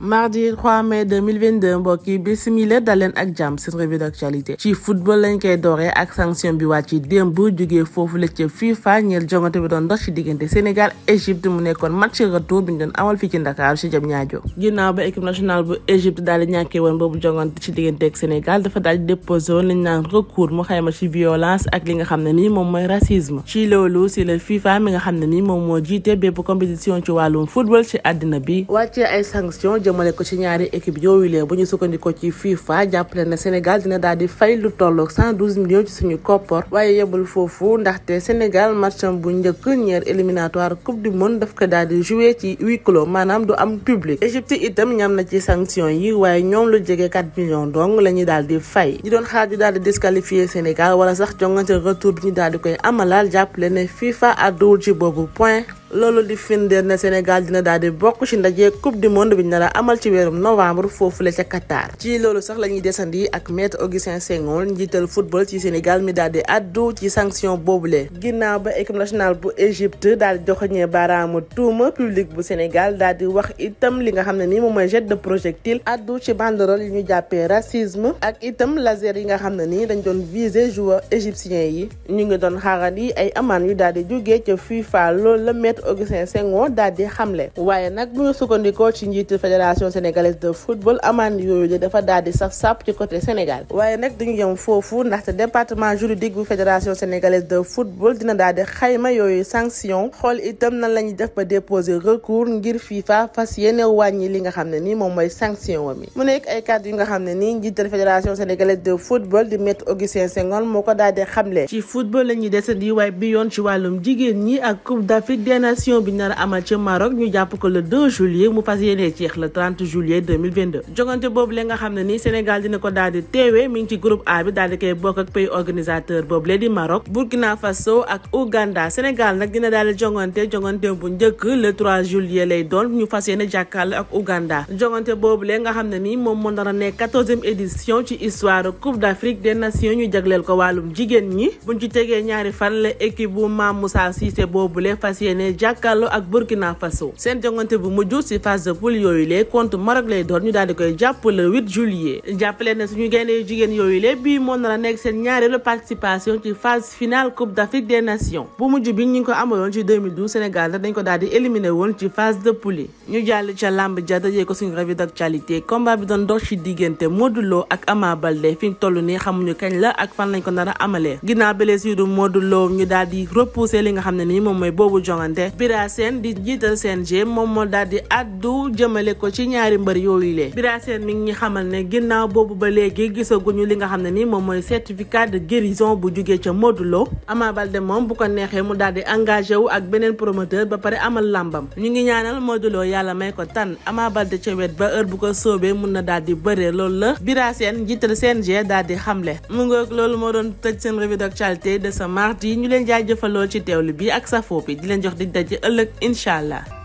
mardi 3 mai 2022 mbokk yi bisimila daleen ak jàmm seen revue d'actualité ci football lañ koy dooree ak sanction bi wàcc ci démb jógee foofu la mu nekkoon fii ci Ndakaaru ci jam ñaajo ginnaaw ba équipe nationale bu Égypte daal di ñàkkee woon boobu jongante ci diggante ak Sénégal dafa daal di déposé violence ak li nga xam ne nii moom mooy racisme ci loolu si la FIFA mi nga xam ne nii moom moo jiite bépp compétition ci wàllum football ci àddina bi wàccee ay sanction jëm jëmale ko ci ñaari équipe yooyulee bu ñu sukkandikoo ci FIFA jàppale na Sénégal dina daal di fay lu tolloog 112 millions ci suñu koppor waaye yebul foofu ndaxte Sénégal matcham bu njëkk ñeer éliminatoire coupe du monde daf ko daal di joué ci huis clos maanaam du am public Égypte itam ñam na ci sanction yi waaye ñoom lu jege 4 millions dong la ñuy daal di fay ñi doon xaar di daal di disqualifié Sénégal wala sax jongante retour bi ñu daal di koy amalaal jàppale loolu di firndeel na Sénégal dina daal di bokk ci ndaje coupe du monde bi ñu nar a amal ci weerum novembre foofule ca Qatar. ci loolu sax la ñuy desandi ak maître Augustin Senghor njiital football ci Sénégal mi daal di addu ci sanction boobule. ginnaaw ba équipe nationale bu Égypte daal di joxoñee baaraamu tuuma public bu Sénégal daal di wax itam li nga xam ne ni moom mooy jet de projectile addu ci banderole yi ñu jàppee racisme ak itam laser yi nga xam ne ni dañ doon viser joueurs égyptiens yi ñu ngi doon xaarandi ay amaan maître Augustin Senghor daal di xamle waaye nag bu ñu sukkandikoo ci njiitu fédération sénégalaise de football amaan yooyu de dafa daal di saf-sàpp ci côté Sénégal waaye nag duñu yem foofu ndaxte département juridique sénégalaise de football dina daal di xayma yooyu sanction xool itam nan la ñuy def ba déposer recours ngir FIFA fas yéene wàññi li nga xam ne ni moom mooy sanction wa mi mu nekk ay kàddu yu nga xam ne nii njiital fédération sénégalaise de football di maître Augustin Senghor moo ko daal di xamle ci football la vaccination bi nar a amal ca Maroc ñu jàpp ko le 2 mu fas yéene jeex le 30 juillet 2022 boobu la nga xam ne nii Sénégal dina ko daal di teewee ci groupe A bi koy bokk ak pays organisateur boobu la di Maroc Burkina Faso ak Ouganda Sénégal nag dina daal di jongante jongante bu njëkk le 3 juillet lay doon ñu fas yéene jàkkaarloo ak Ouganda jongante boobu la nga xam ne nii moom moo nar a quatorzième édition ci histoire Coupe d'Afrique des Nations jàkkaarloo ak Burkina Faso seen jongante bu mujj si phase de poule yooyu lee contre Maroc lay doon ñu daal di koy jàpp le 8 juillet jàppale na suñu gaynde yu jigéen yooyu lee bii moo nar a nekk seen ñaareelu participation ci phase finale Coupe d'Afrique des Nations bu mujj bi ñu ngi ko amaloon ci 2012 Sénégal nag dañ ko daal di éliminé woon ci phase de poule ñu jàll ca làmb ja dajee ko suñu revue d'actualité combat bi doon dox ci diggante boobule Bira Sène di njiital CNG moom moo daal di addu jëmale ko ci ñaari mbër yooyu le Bira Sène mi ngi xamal ne ginnaaw boobu ba léegi gisaguñu li nga xam ne ni moom mooy certificat de guérison bu jugee ca Modou Lo Ama Baldé moom bu ko neexee mu daal di engagé wu ak beneen promoteur ba pare amal làmbam ñu ngi ñaanal Modou Lo yàlla may ko tan Ama Baldé ca wet ba heure bu ko soobee mun na daal di bëree loolu la Bira Sène njiital CNG daal di xamle mu ngoog loolu moo doon tëj seen revue d'actualité de ce mardi ñu leen jaajëfaloo ci teewlu bi bi di leen jox di تقدر تقول لك ان شاء الله